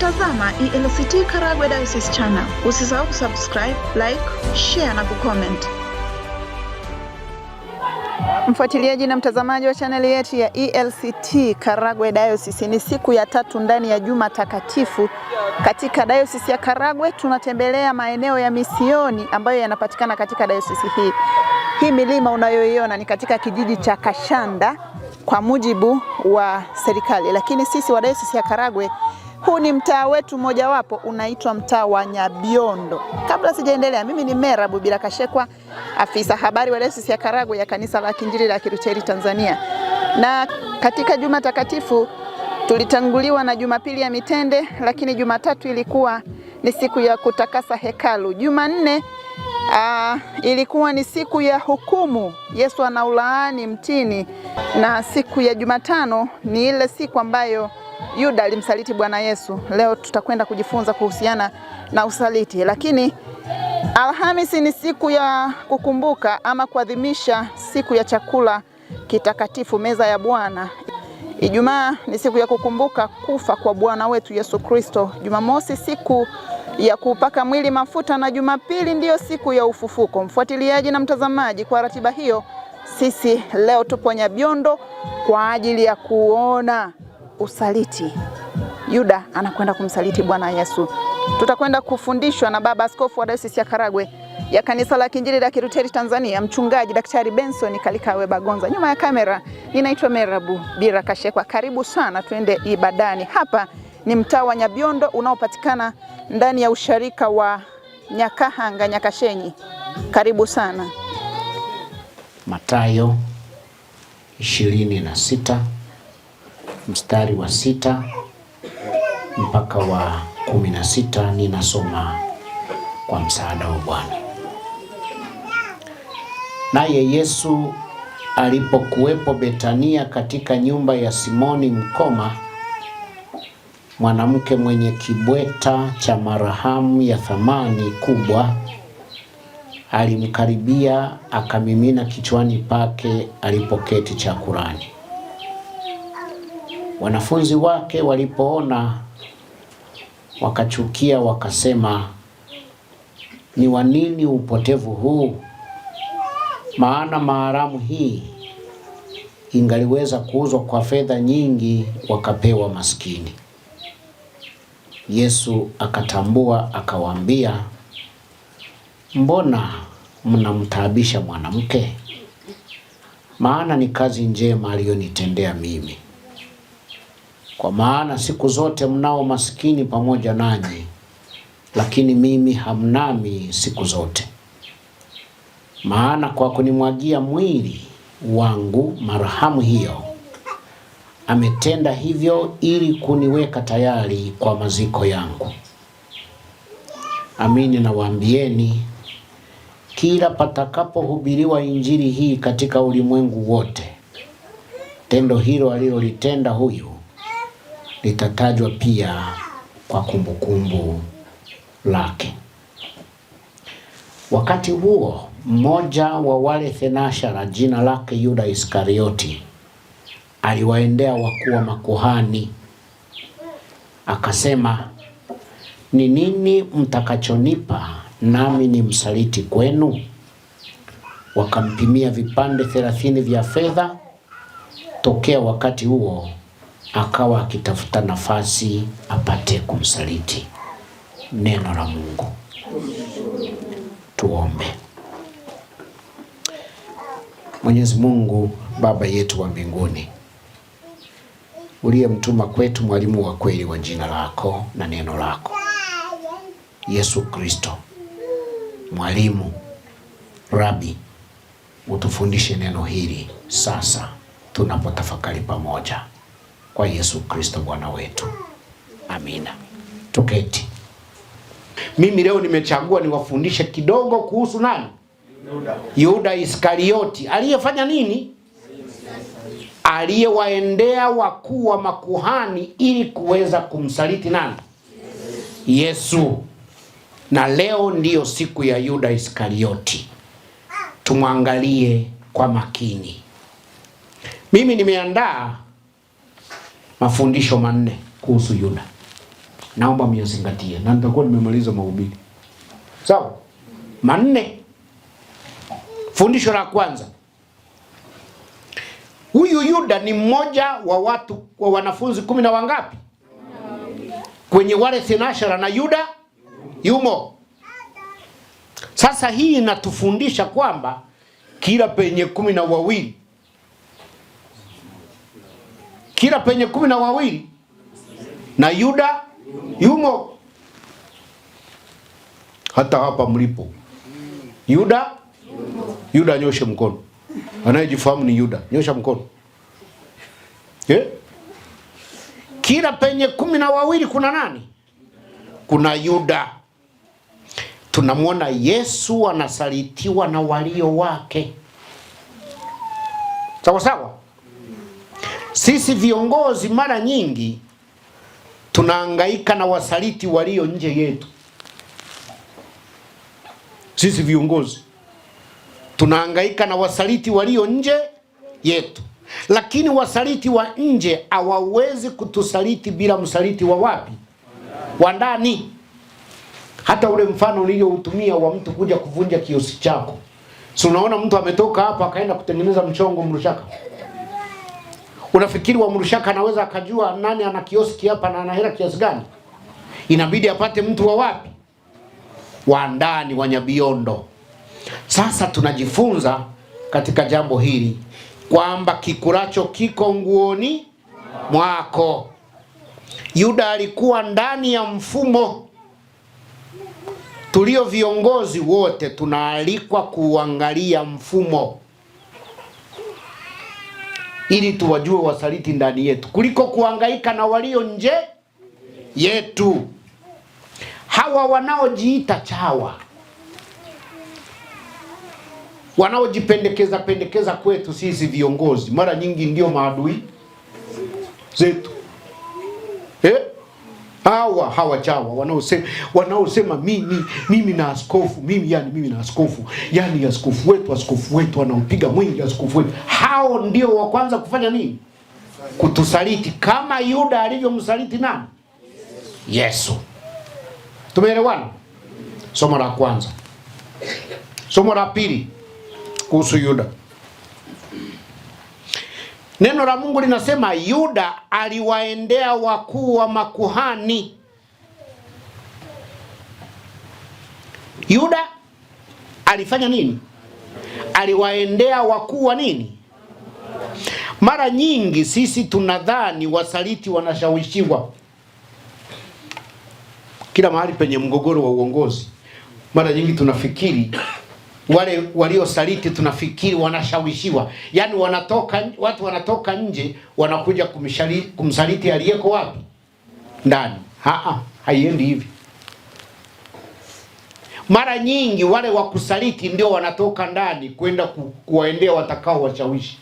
Unatazama ELCT Karagwe Diocese Channel. Usisahau kusubscribe, like, share na kucomment. Mfuatiliaji na mtazamaji wa chaneli yetu ya ELCT Karagwe Diocese, ni siku ya tatu ndani ya Juma Takatifu katika Diocese ya Karagwe. Tunatembelea maeneo ya misioni ambayo yanapatikana katika diocese hii. Hii milima unayoiona ni katika kijiji cha Kashanda kwa mujibu wa serikali, lakini sisi wa Diocese ya Karagwe huu ni mtaa wetu mmojawapo unaitwa mtaa wa Nyabiondo. Kabla sijaendelea, mimi ni Mera Bubira Kashekwa, afisa habari wa Dayosisi ya Karagwe ya Kanisa la Kiinjili la Kilutheri Tanzania. Na katika Juma Takatifu tulitanguliwa na Jumapili ya Mitende, lakini Jumatatu ilikuwa ni siku ya kutakasa hekalu. Jumanne aa, ah, ilikuwa ni siku ya hukumu, Yesu anaulaani mtini, na siku ya Jumatano ni ile siku ambayo Yuda alimsaliti Bwana Yesu. Leo tutakwenda kujifunza kuhusiana na usaliti, lakini Alhamisi ni siku ya kukumbuka ama kuadhimisha siku ya chakula kitakatifu, meza ya Bwana. Ijumaa ni siku ya kukumbuka kufa kwa Bwana wetu Yesu Kristo. Jumamosi siku ya kupaka mwili mafuta na Jumapili ndiyo siku ya ufufuko. Mfuatiliaji na mtazamaji, kwa ratiba hiyo, sisi leo tupo Nyabiondo kwa ajili ya kuona usaliti. Yuda anakwenda kumsaliti Bwana Yesu. Tutakwenda kufundishwa na Baba Askofu wa Dayosisi ya Karagwe ya Kanisa la Kiinjili la Kilutheri Tanzania, Mchungaji Daktari Benson Kalikawe Bagonza. Nyuma ya kamera ninaitwa Merabu Bira Kashekwa. Karibu sana, twende ibadani. Hapa ni mtaa wa Nyabiondo unaopatikana ndani ya usharika wa Nyakahanga Nyakashenyi. Karibu sana. Matayo ishirini na sita mstari wa sita mpaka wa kumi na sita ninasoma kwa msaada wa Bwana. Naye Yesu alipokuwepo Betania katika nyumba ya Simoni mkoma, mwanamke mwenye kibweta cha marahamu ya thamani kubwa alimkaribia, akamimina kichwani pake alipoketi chakulani. Wanafunzi wake walipoona wakachukia, wakasema, ni wa nini upotevu huu? Maana maharamu hii ingaliweza kuuzwa kwa fedha nyingi, wakapewa maskini. Yesu akatambua, akawaambia, mbona mnamtaabisha mwanamke? Maana ni kazi njema aliyonitendea mimi kwa maana siku zote mnao maskini pamoja nanyi, lakini mimi hamnami siku zote. Maana kwa kunimwagia mwili wangu marhamu hiyo, ametenda hivyo ili kuniweka tayari kwa maziko yangu. Amini nawaambieni, kila patakapohubiriwa Injili hii katika ulimwengu wote, tendo hilo alilolitenda huyu litatajwa pia kwa kumbukumbu lake. Wakati huo mmoja wa wale thenashara jina lake Yuda Iskarioti aliwaendea wakuu wa makuhani akasema, ni nini mtakachonipa nami ni msaliti kwenu? Wakampimia vipande thelathini vya fedha. Tokea wakati huo akawa akitafuta nafasi apate kumsaliti. Neno la Mungu. Tuombe. Mwenyezi Mungu Baba yetu wa mbinguni, uliyemtuma kwetu mwalimu wa kweli wa jina lako na neno lako, Yesu Kristo, mwalimu rabi, utufundishe neno hili sasa tunapotafakari pamoja kwa Yesu Kristo Bwana wetu. Amina. Tuketi. Mimi leo nimechagua niwafundishe kidogo kuhusu nani? Yuda, Yuda Iskarioti aliyefanya nini? Aliyewaendea wakuu wa makuhani ili kuweza kumsaliti nani? Yesu. Na leo ndiyo siku ya Yuda Iskarioti, tumwangalie kwa makini. Mimi nimeandaa mafundisho manne kuhusu Yuda, naomba myazingatie, na nitakuwa nimemaliza mahubiri sawa. Manne. Fundisho la kwanza, huyu Yuda ni mmoja wa watu wa wanafunzi kumi na wangapi kwenye wale thenashara na Yuda yumo. Sasa hii inatufundisha kwamba kila penye kumi na wawili kila penye kumi na wawili na Yuda yumo. Hata hapa mlipo Yuda Yuda nyoshe mkono, anayejifahamu ni Yuda, nyosha mkono eh? Kila penye kumi na wawili kuna nani? Kuna Yuda. Tunamwona Yesu anasalitiwa na walio wake, sawa sawa. Sisi viongozi mara nyingi tunahangaika na wasaliti walio nje yetu. Sisi viongozi tunahangaika na wasaliti walio nje yetu, lakini wasaliti wa nje hawawezi kutusaliti bila msaliti wa wapi? Wa ndani. Hata ule mfano niliyoutumia wa mtu kuja kuvunja kiosi chako, si unaona mtu ametoka hapa akaenda kutengeneza mchongo Mrushaka. Unafikiri Wamrushaka anaweza akajua nani ana kioski hapa na ana hela kiasi gani? Inabidi apate mtu wa wapi? Wa ndani, wa Nyabiondo. Sasa tunajifunza katika jambo hili kwamba kikulacho kiko nguoni mwako. Yuda alikuwa ndani ya mfumo. Tulio viongozi wote tunaalikwa kuangalia mfumo ili tuwajue wasaliti ndani yetu kuliko kuhangaika na walio nje yetu. Hawa wanaojiita chawa, wanaojipendekeza pendekeza kwetu sisi viongozi, mara nyingi ndio maadui zetu eh? hawa hawa chawa wanaosema wanaosema mimi mimi na askofu mimi yani mimi na askofu yani askofu wetu askofu wetu anampiga mwingi askofu wetu, hao ndio wa kwanza kufanya nini? Kutusaliti kama Yuda alivyomsaliti nani? Yesu. Tumeelewana? Somo la kwanza. Somo la pili kuhusu Yuda. Neno la Mungu linasema Yuda aliwaendea wakuu wa makuhani. Yuda alifanya nini? Aliwaendea wakuu wa nini? Mara nyingi sisi tunadhani wasaliti wanashawishiwa kila mahali penye mgogoro wa uongozi. Mara nyingi tunafikiri wale waliosaliti tunafikiri wanashawishiwa, yaani wanatoka, watu wanatoka nje wanakuja kumsaliti, kumsaliti aliyeko wapi? Ndani. Haa, haiendi hivi. Mara nyingi wale wa kusaliti ndio wanatoka ndani kwenda ku, kuwaendea watakao washawishi.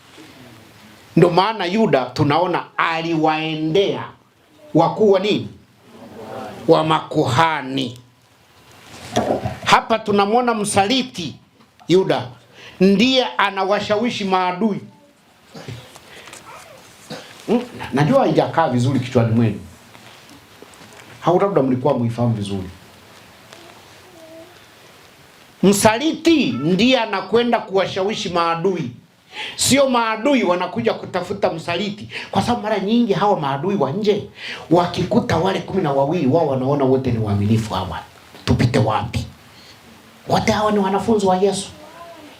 Ndio maana Yuda tunaona aliwaendea wakuu wa nini, wa makuhani. Hapa tunamwona msaliti Yuda ndiye anawashawishi maadui. Hmm? Najua haijakaa vizuri kichwani mwenu, hau labda mlikuwa mwifahamu vizuri. Msaliti ndiye anakwenda kuwashawishi maadui, sio maadui wanakuja kutafuta msaliti, kwa sababu mara nyingi hawa maadui wa nje wakikuta wale kumi na wawili wao wanaona wote ni waaminifu, hawa tupite wapi? Wote hao ni wanafunzi wa Yesu.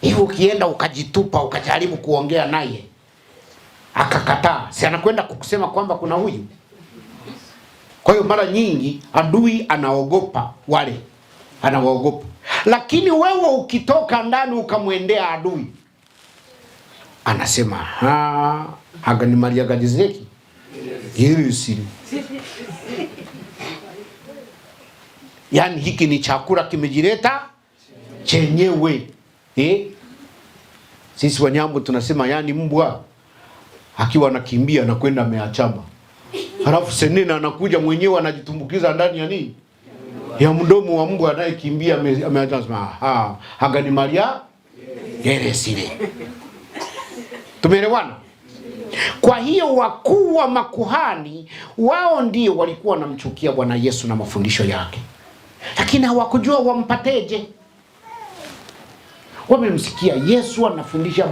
Hivi ukienda ukajitupa ukajaribu kuongea naye akakataa, si anakwenda kukusema kwamba kuna huyu? Kwa hiyo mara nyingi adui anaogopa wale, anawaogopa. Lakini wewe ukitoka ndani ukamwendea adui, anasema ha haga ni Maria galizeki Yerusi. Yaani hiki ni chakula kimejileta chenyewe eh? Sisi Wanyambo tunasema yani, mbwa akiwa anakimbia na kwenda ameachama, halafu senena anakuja mwenyewe anajitumbukiza ndani ya nini ya mdomo wa mbwa anayekimbia ameachama. Sema haga ni Maria yeresile. Tumeelewana? Kwa hiyo wakuu wa makuhani wao ndio walikuwa wanamchukia Bwana Yesu na mafundisho yake, lakini hawakujua wampateje wamemsikia Yesu anafundisha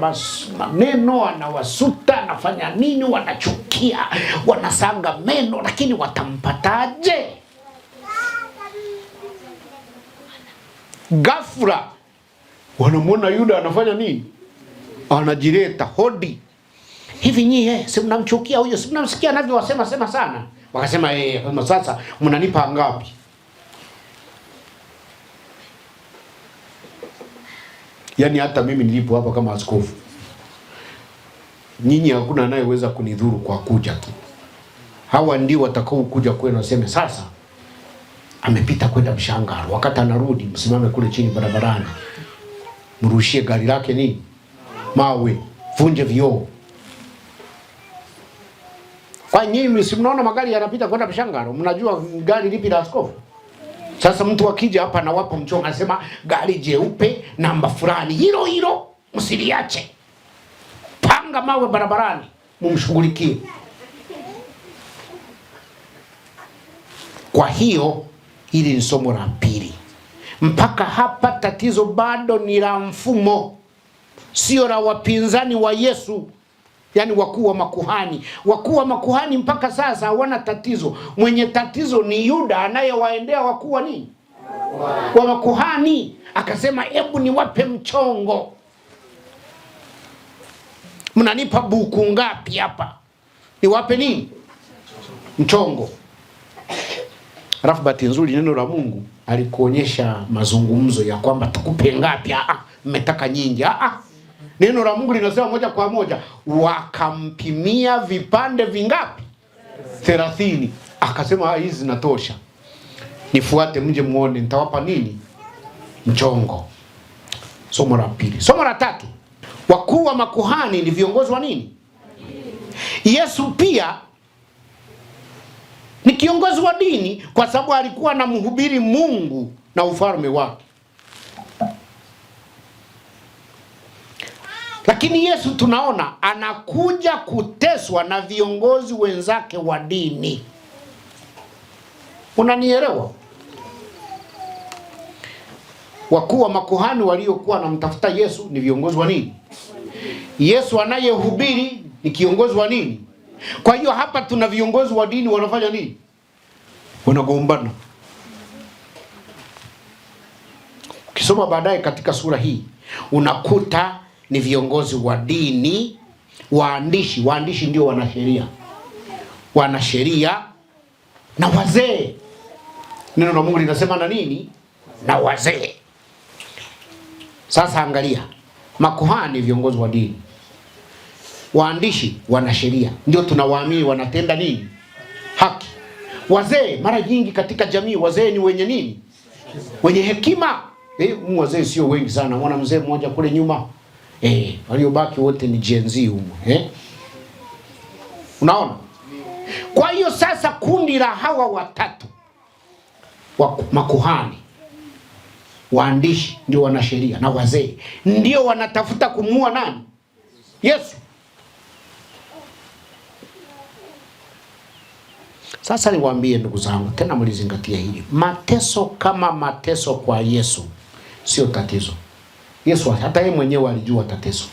maneno, anawasuta, anafanya nini, wanachukia, wanasanga meno, lakini watampataje? Ghafla wanamwona Yuda anafanya nini? Anajileta hodi hivi, nyie si mnamchukia huyo? Si mnamsikia anavyowasema sema sana? Wakasema ee, sasa mnanipa ngapi? Yaani hata mimi nilipo hapa kama askofu, nyinyi hakuna anayeweza kunidhuru kwa kuja tu. Hawa ndio watakao kuja kwenu waseme sasa amepita kwenda Mshangaro, wakati anarudi msimame kule chini barabarani, mrushie gari lake ni mawe, vunje vioo. Kwa nyinyi si mnaona magari yanapita kwenda Mshangaro? Mnajua gari lipi la askofu? Sasa mtu akija hapa nawapa mchongo, anasema gari jeupe namba fulani, hilo hilo msiliache, panga mawe barabarani, mumshughulikie. Kwa hiyo hili ni somo la pili. Mpaka hapa tatizo bado ni la mfumo, sio la wapinzani wa Yesu yani wakuu wa makuhani. Wakuu wa makuhani mpaka sasa hawana tatizo. Mwenye tatizo ni Yuda anayewaendea wakuu wa nini, wa makuhani. Akasema hebu niwape mchongo, mnanipa buku ngapi hapa, niwape nini mchongo. Alafu bahati nzuri neno la Mungu alikuonyesha mazungumzo ya kwamba tukupe ngapi? Ah, ah, mmetaka nyingi. Ah, ah. Neno la Mungu linasema moja kwa moja, wakampimia vipande vingapi? Thelathini. Akasema ah, hizi zinatosha, nifuate mje muone nitawapa nini mchongo. Somo la pili. Somo la tatu, wakuu wa makuhani ni viongozi wa nini? Yesu pia ni kiongozi wa dini, kwa sababu alikuwa anamhubiri Mungu na ufalme wake. Lakini Yesu tunaona anakuja kuteswa na viongozi wenzake wa dini. Unanielewa? Wakuu wa makuhani waliokuwa wanamtafuta Yesu ni viongozi wa nini? Yesu anayehubiri ni kiongozi wa nini? Kwa hiyo hapa tuna viongozi wa dini wanafanya nini? Wanagombana. Ukisoma baadaye katika sura hii unakuta ni viongozi wa dini, waandishi. Waandishi ndio wanasheria, wanasheria na wazee. Neno la Mungu linasema na nini? Na wazee. Sasa angalia, makuhani viongozi wa dini, waandishi wanasheria, ndio tunawaamini wanatenda nini? Haki. Wazee mara nyingi katika jamii, wazee ni wenye nini? Wenye hekima. Eh, wazee sio wengi sana. Mwana mzee mmoja kule nyuma eh, waliobaki wote ni Gen Z humo eh. Unaona, kwa hiyo sasa kundi la hawa watatu wa makuhani, waandishi, ndio wanasheria na wazee ndio wanatafuta kumuua nani? Yesu. Sasa niwaambie ndugu zangu, tena mlizingatia hili, mateso kama mateso kwa Yesu sio tatizo. Yesu hata yeye mwenyewe alijua atateswa,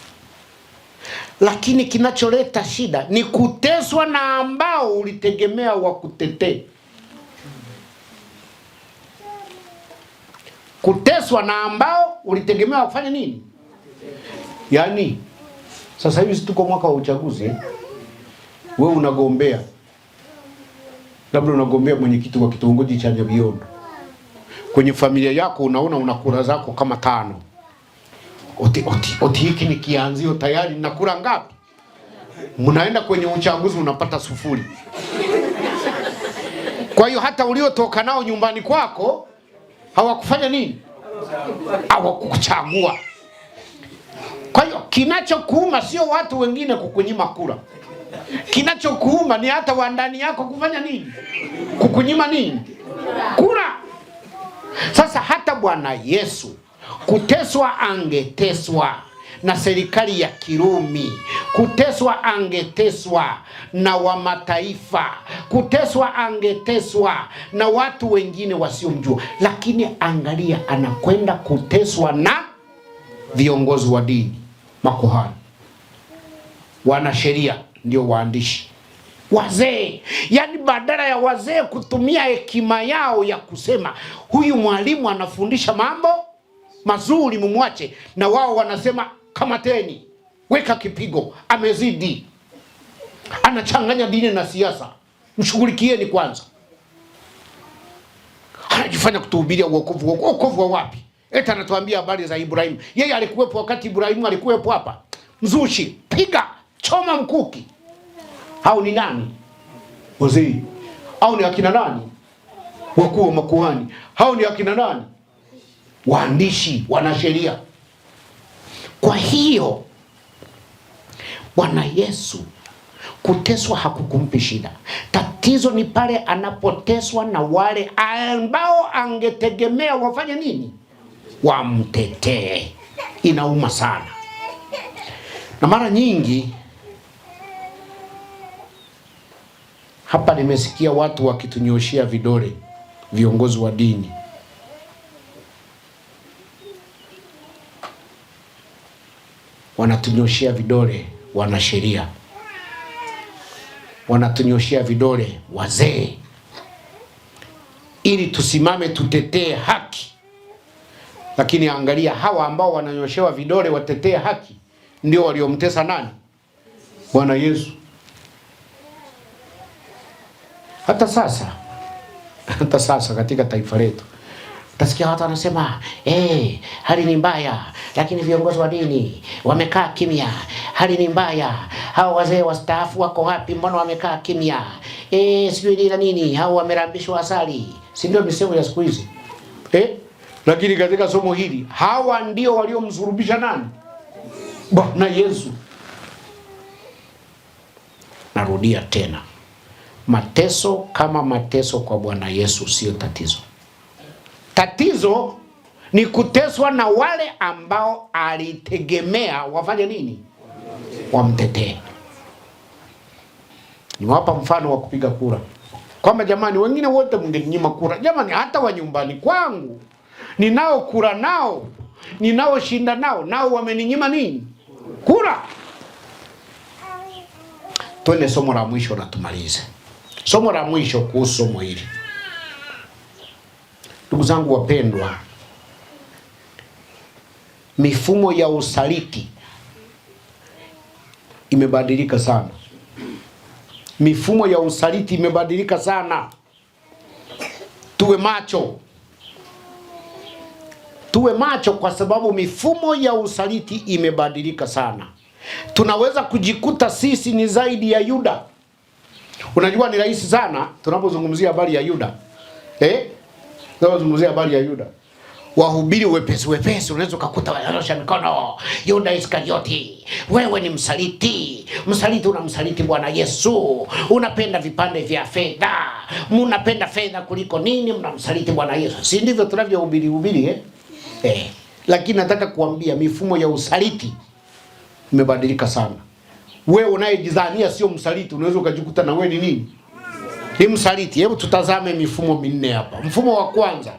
lakini kinacholeta shida ni kuteswa na ambao ulitegemea wakutetee, kuteswa na ambao ulitegemea wakufanya nini? Yaani sasa hivi tuko mwaka wa uchaguzi eh? Wewe unagombea labda unagombea mwenyekiti wa kitongoji cha Nyabiondo, kwenye familia yako unaona una kura zako kama tano oti, oti, oti hiki ni kianzio tayari. Nakula ngapi? Mnaenda kwenye uchaguzi unapata sufuri. Kwa hiyo hata uliotoka nao nyumbani kwako hawakufanya nini? Hawakuchagua. Kwa hiyo kinachokuuma sio watu wengine kukunyima kura, kinachokuuma ni hata wa ndani yako kufanya nini? Kukunyima nini? Kura. Sasa hata Bwana Yesu Kuteswa angeteswa na serikali ya Kirumi, kuteswa angeteswa na wa mataifa, kuteswa angeteswa na watu wengine wasiomjua, lakini angalia, anakwenda kuteswa na viongozi wa dini, makuhani, wanasheria, ndio waandishi wazee yaani, badala ya wazee kutumia hekima yao ya kusema huyu mwalimu anafundisha mambo mazuri mumwache, na wao wanasema kamateni, weka kipigo, amezidi, anachanganya dini na siasa, mshughulikieni kwanza. Anajifanya kutuhubiria uokovu. Uokovu wa wapi? Eti anatuambia habari za Ibrahimu. Yeye alikuwepo wakati Ibrahimu alikuwepo hapa. Mzushi, piga, choma mkuki. Au ni nani? Wazee. Au ni akina nani? Wakuu wa makuhani. Hao ni akina nani? waandishi, wanasheria. Kwa hiyo Bwana Yesu kuteswa hakukumpi shida. Tatizo ni pale anapoteswa na wale ambao angetegemea wafanye nini? Wamtetee. Inauma sana, na mara nyingi hapa nimesikia watu wakitunyoshia vidole viongozi wa dini wanatunyoshea vidole wanasheria, wanatunyoshea vidole wazee, ili tusimame tutetee haki. Lakini angalia hawa ambao wananyoshewa vidole watetee haki ndio waliomtesa nani? Bwana Yesu. Hata sasa, hata sasa katika taifa letu Tasikia watu wanasema hey, eh, hali ni mbaya, lakini viongozi wa dini wamekaa kimya. Hali ni mbaya, hao wazee wastaafu wako wapi? Mbona wamekaa kimya? Eh, sijui nini na nini, hao wamerambishwa asali, si ndio misemo ya siku hizi eh? Lakini katika somo hili hawa ndio waliomsurubisha nani? Bwana Yesu. Narudia tena, mateso kama mateso kwa Bwana Yesu sio tatizo. Tatizo ni kuteswa na wale ambao alitegemea wafanye nini? Wamtetee. Niwapa mfano wa kupiga kura kwamba jamani, wengine wote mngenyima kura, jamani, hata wa nyumbani kwangu ninao kura nao ninaoshinda nao nao wameninyima nini? Kura. Twende somo la mwisho na tumalize somo la mwisho kuhusu somo hili. Ndugu zangu wapendwa, mifumo ya usaliti imebadilika sana. Mifumo ya usaliti imebadilika sana. Tuwe macho, tuwe macho, kwa sababu mifumo ya usaliti imebadilika sana. Tunaweza kujikuta sisi ni zaidi ya Yuda. Unajua, ni rahisi sana tunapozungumzia habari ya Yuda eh? Nazungumzia habari ya Yuda. Wahubiri wepesi wepesi, unaweza ukakuta wanarosha mikono, Yuda Iskarioti, wewe ni msaliti, msaliti, unamsaliti Bwana Yesu, unapenda vipande vya fedha, mnapenda fedha kuliko nini, mnamsaliti Bwana Yesu. Si ndivyo tunavyohubiri hubiri eh? Eh, lakini nataka kuambia mifumo ya usaliti imebadilika sana. Wewe unayejidhania sio msaliti, unaweza ukajikuta na wewe ni nini ni msaliti. Hebu tutazame mifumo minne hapa. Mfumo wa kwanza,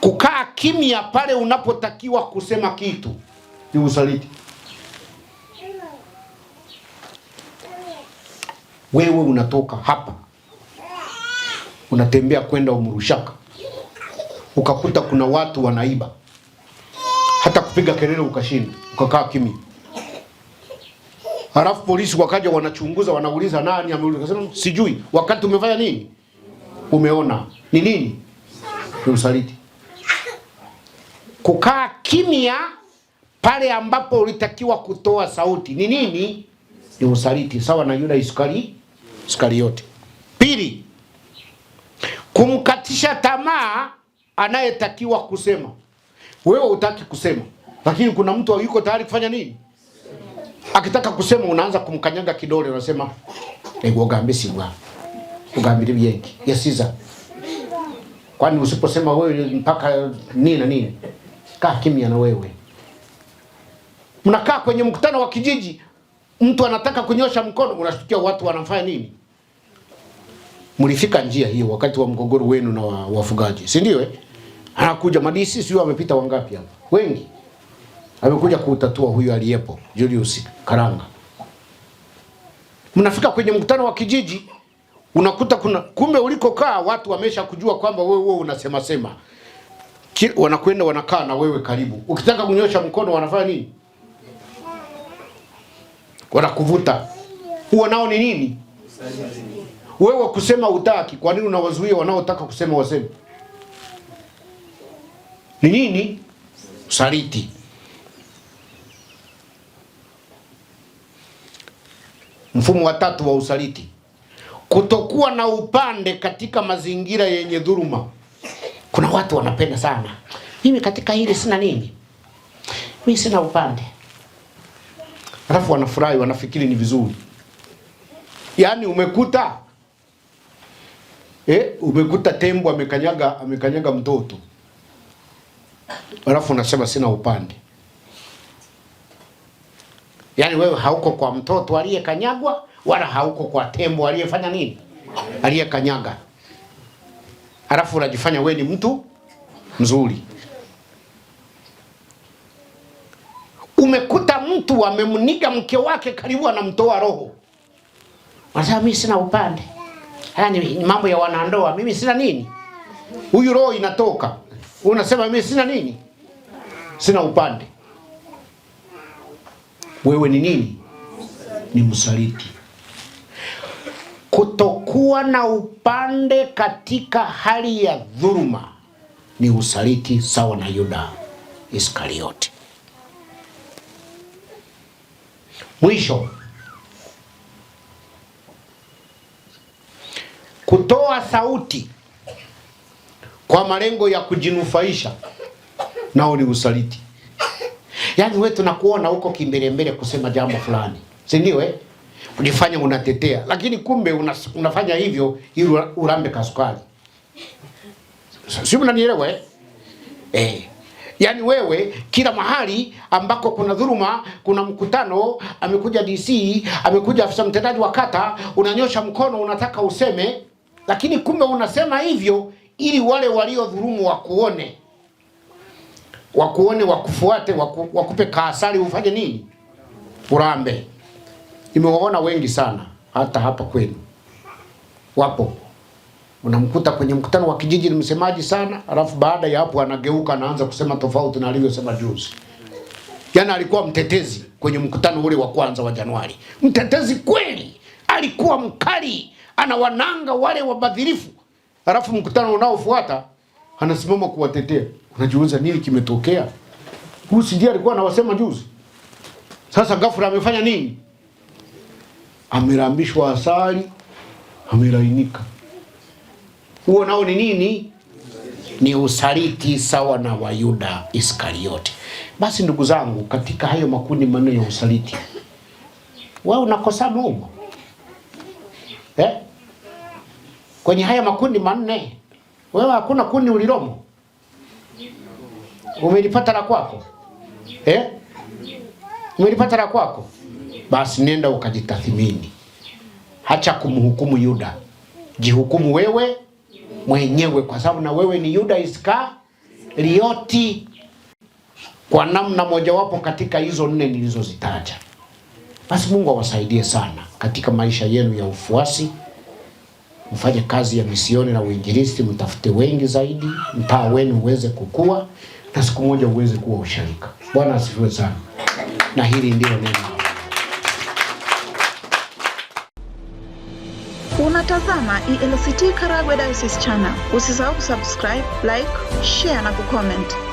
kukaa kimya pale unapotakiwa kusema kitu ni usaliti. Wewe unatoka hapa unatembea kwenda Umurushaka ukakuta kuna watu wanaiba, hata kupiga kelele ukashinda, ukakaa kimya Halafu polisi wakaja wanachunguza, wanauliza nani ameuliza, sema sijui. Wakati umefanya nini? Umeona ni nini? Ni usaliti. Kukaa kimya pale ambapo ulitakiwa kutoa sauti ni nini? Ni usaliti, sawa na Yuda Iskari Iskariote. Pili, kumkatisha tamaa anayetakiwa kusema. Wewe utaki kusema, lakini kuna mtu yuko tayari kufanya nini? akitaka kusema unaanza kumkanyaga kidole, unasema ego gambe si bwana ugambire byenge yasiza kwani usiposema wewe mpaka nini na nini. Kaa kimya na wewe. Mnakaa kwenye mkutano wa kijiji, mtu anataka kunyosha mkono, unashtukia watu wanafanya nini? Mlifika njia hiyo wakati wa mgogoro wenu na wafugaji, si ndio? Eh, Anakuja madisi, sio amepita wangapi hapa, wengi amekuja kuutatua huyu aliyepo Julius Karanga. Mnafika kwenye mkutano wa kijiji unakuta kuna kumbe, ulikokaa watu wamesha kujua kwamba wewe wewe unasema sema, wanakwenda wanakaa na wewe karibu, ukitaka kunyosha mkono wanafanya nini? Wanakuvuta. huwa nao ni nini? Wewe kusema utaki, kwa nini unawazuia wanaotaka kusema waseme? Ni nini? Usaliti. Mfumo wa tatu wa usaliti, kutokuwa na upande katika mazingira yenye dhuluma. Kuna watu wanapenda sana, mimi katika hili sina nini, mimi sina upande, alafu wanafurahi, wanafikiri ni vizuri. Yaani umekuta eh, umekuta tembo amekanyaga amekanyaga mtoto, alafu unasema sina upande. Yaani wewe hauko kwa mtoto aliyekanyagwa wala hauko kwa tembo aliyefanya nini? Aliyekanyaga. Alafu unajifanya wewe ni mtu mzuri. Umekuta mtu amemniga mke wake karibu anamtoa wa roho. Anasema mimi sina upande. Haya ni mambo ya wanandoa. Mimi sina nini? Huyu roho inatoka. Unasema mimi sina nini? Sina upande wewe ni nini? Ni msaliti. Kutokuwa na upande katika hali ya dhuluma ni usaliti, sawa na Yuda Iskarioti. Mwisho, kutoa sauti kwa malengo ya kujinufaisha nao ni usaliti. Yaani wewe tunakuona huko kimbelembele kusema jambo fulani, si ndio? Eh, unajifanya unatetea, lakini kumbe una, unafanya hivyo ili urambe kasukari, si mnanielewa eh? Eh, yaani wewe kila mahali ambako kuna dhuluma, kuna mkutano, amekuja DC, amekuja afisa mtendaji wa kata, unanyosha mkono, unataka useme, lakini kumbe unasema hivyo ili wale waliodhulumu wakuone wakuone, wakufuate, waku, wakupe kaasari ufanye nini, urambe. Nimewaona wengi sana hata hapa kwenu wapo, unamkuta kwenye mkutano wa kijiji ni msemaji sana, alafu baada ya hapo anageuka anaanza kusema tofauti na alivyosema juzi. Jana yaani alikuwa mtetezi kwenye mkutano ule wa kwanza wa Januari, mtetezi kweli, alikuwa mkali, anawananga wale wabadhirifu, alafu mkutano unaofuata anasimama kuwatetea. Unajiuliza nini kimetokea? Huu si ndiye alikuwa anawasema juzi? Sasa ghafla amefanya nini? Amerambishwa asali, amelainika. Huo nao ni nini? Ni usaliti sawa na Wayuda Iskariote. Basi ndugu zangu, katika hayo makundi manne ya usaliti, wewe unakosa humo eh? kwenye haya makundi manne wewe hakuna kuni ulilomo umelipata la kwako eh? umelipata la kwako, basi nenda ukajitathimini. Hacha kumhukumu Yuda, jihukumu wewe mwenyewe, kwa sababu na wewe ni Yuda Iskarioti kwa namna mojawapo katika hizo nne nilizozitaja. Basi Mungu awasaidie sana katika maisha yenu ya ufuasi mfanye kazi ya misioni na uinjilisti, mtafute wengi zaidi, mtaa wenu uweze kukua na siku moja uweze kuwa usharika. Bwana asifiwe sana, na hili ndio neno. Unatazama ELCT Karagwe Diocese Channel. Usisahau kusubscribe, like, share na kucomment.